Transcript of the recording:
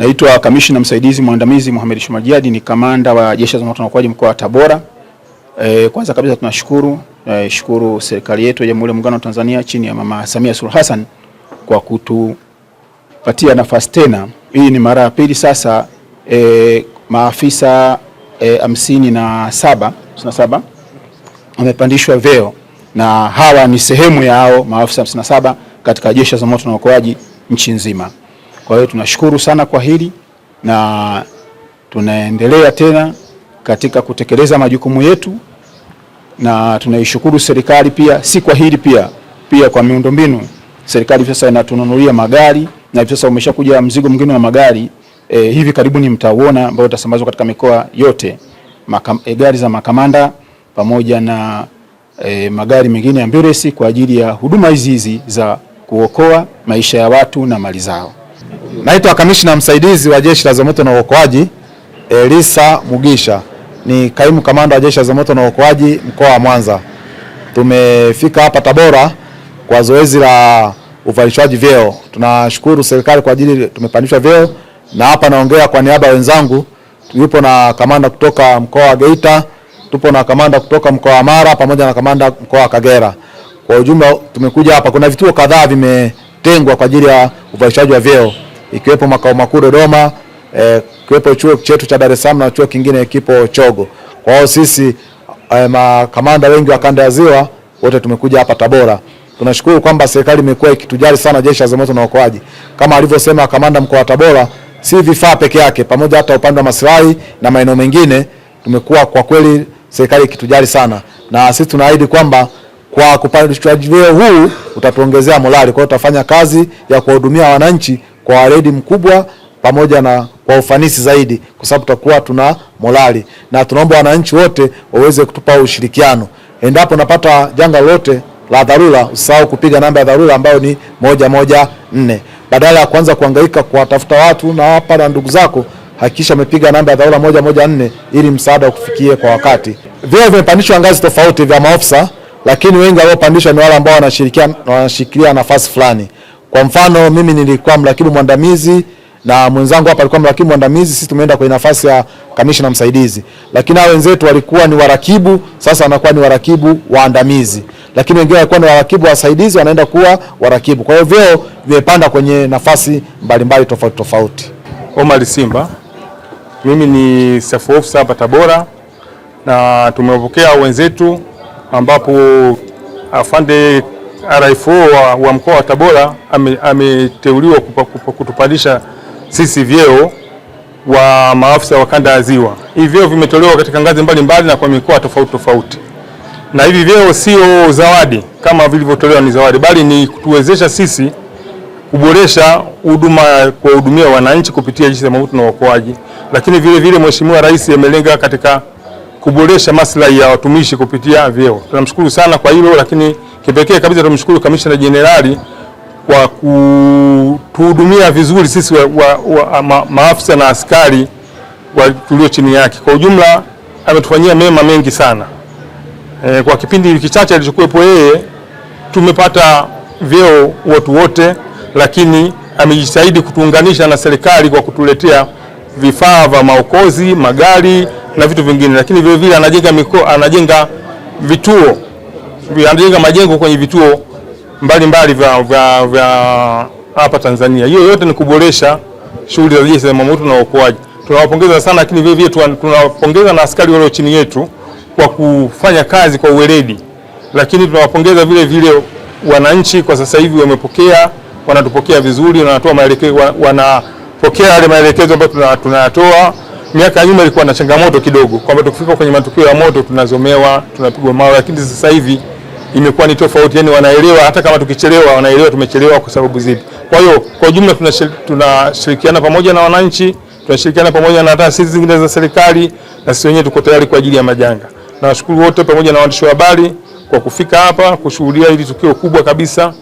Naitwa Kamishna Msaidizi Mwandamizi Mohamed shumajiadi ni kamanda wa Jeshi la Zimamoto na Uokoaji mkoa wa Tabora. E, kwanza kabisa tunashukuru e, shukuru serikali yetu ya Jamhuri ya Muungano wa Tanzania chini ya Mama Samia Suluhu Hassan kwa kutupatia nafasi tena. Hii ni mara ya pili sasa e, maafisa hamsini e, na saba wamepandishwa vyeo na hawa ni sehemu yao maafisa hamsini na saba katika Jeshi la Zimamoto na Uokoaji nchi nzima. Kwa hiyo tunashukuru sana kwa hili na tunaendelea tena katika kutekeleza majukumu yetu, na tunaishukuru serikali pia, si kwa hili pia pia kwa miundombinu. Serikali sasa inatununulia magari na sasa umeshakuja mzigo mwingine wa magari e, hivi karibuni mtauona ambao utasambazwa katika mikoa yote Maka, e, gari za makamanda pamoja na e, magari mengine ya ambulance kwa ajili ya huduma hizi hizi za kuokoa maisha ya watu na mali zao. Naitwa kamishna msaidizi wa jeshi la zimamoto na uokoaji Elisa Mugisha, ni kaimu kamanda wa jeshi la zimamoto na uokoaji mkoa wa Mwanza. Tumefika hapa Tabora kwa zoezi la uvalishwaji vyeo. Tunashukuru serikali kwa ajili tumepandishwa vyeo, na hapa naongea kwa niaba ya wenzangu. Yupo na kamanda kutoka mkoa wa Geita, tupo na kamanda kutoka mkoa wa Mara pamoja na kamanda mkoa wa Kagera. Kwa ujumla tumekuja hapa, kuna vituo kadhaa vimetengwa kwa ajili ya uvalishwaji wa vyeo ikiwepo makao makuu Dodoma, e, kiwepo chuo chetu cha Dar es Salaam na chuo kingine kipo Chogo. Kwa hiyo sisi eh, makamanda wengi wa kanda ya Ziwa wote tumekuja hapa Tabora. Tunashukuru kwamba serikali imekuwa ikitujali sana jeshi la zimamoto na uokoaji, kama alivyosema kamanda mkoa wa Tabora, si vifaa peke yake, pamoja hata upande wa maslahi na maeneo mengine, tumekuwa kwa kweli serikali ikitujali sana, na sisi tunaahidi kwamba kwa kupandishwa vyeo huu utatuongezea morali, kwa hiyo tutafanya kazi ya kuwahudumia wananchi kwa weledi mkubwa pamoja na kwa ufanisi zaidi, kwa sababu tutakuwa tuna morali, na tunaomba wananchi wote waweze kutupa ushirikiano. Endapo napata janga lolote la dharura, usisahau kupiga namba ya dharura ambayo ni moja moja nne. Badala ya kuanza kuhangaika kuwatafuta watu na hapa na ndugu zako, hakikisha umepiga namba ya dharura moja moja nne ili msaada ukufikie kwa wakati. Vyeo vimepandishwa ngazi tofauti vya maofisa, lakini wengi waliopandishwa ni wale ambao wanashirikia wanashikilia nafasi fulani. Kwa mfano mimi nilikuwa mrakibu mwandamizi na mwenzangu hapa alikuwa mrakibu mwandamizi, sisi tumeenda kwenye nafasi ya kamishna msaidizi, lakini hao wenzetu walikuwa ni warakibu, sasa wanakuwa ni warakibu waandamizi, lakini wengine walikuwa ni warakibu wasaidizi, wanaenda kuwa warakibu. Kwa hiyo vyeo vimepanda kwenye nafasi mbalimbali tofauti tofauti. Omar Simba, mimi ni staff officer hapa Tabora, na tumewapokea wenzetu ambapo afande RFO wa, wa mkoa wa Tabora ameteuliwa ame kutupandisha sisi vyeo wa maafisa wa kanda ya Ziwa. Hivi vyeo vimetolewa katika ngazi mbalimbali na kwa mikoa tofauti tofauti, na hivi vyeo sio zawadi kama vilivyotolewa ni zawadi, bali ni kutuwezesha sisi kuboresha huduma kwa hudumia wananchi kupitia jeshi la zimamoto na uokoaji. Lakini vile vile Mheshimiwa Rais amelenga katika kuboresha maslahi ya watumishi kupitia vyeo. Tunamshukuru sana kwa hilo, lakini Kipekee kabisa tumshukuru Kamishna Jenerali kwa kutuhudumia vizuri sisi wa, wa, wa, ma, maafisa na askari tulio chini yake. Kwa ujumla ametufanyia mema mengi sana e, kwa kipindi kichache alichokuwepo yeye tumepata vyeo watu wote, lakini amejitahidi kutuunganisha na serikali kwa kutuletea vifaa vya maokozi, magari na vitu vingine, lakini vilevile anajenga mikoa, anajenga vituo yanajenga majengo kwenye vituo mbalimbali vya vya vya hapa Tanzania. Hiyo yote ni kuboresha shughuli za jeshi la zimamoto na uokoaji. Tunawapongeza sana, lakini vile vile tunawapongeza na askari walio chini yetu kwa kufanya kazi kwa uweledi, lakini tunawapongeza vile vile wananchi. Kwa sasa hivi wamepokea, wanatupokea vizuri, wanatoa maelekezo, wanapokea yale maelekezo ambayo tunayatoa. Miaka ya nyuma ilikuwa na changamoto kidogo kwamba tukifika kwenye matukio ya moto tunazomewa, tunapigwa mawe, lakini sasa hivi imekuwa ni tofauti, yani wanaelewa hata kama tukichelewa, wanaelewa tumechelewa kwa sababu zipi. Kwa hiyo kwa ujumla tunashirikiana pamoja na wananchi, tunashirikiana pamoja na taasisi zingine za serikali, na sisi wenyewe tuko tayari kwa ajili ya majanga. Nawashukuru wote pamoja na waandishi wa habari kwa kufika hapa kushuhudia hili tukio kubwa kabisa.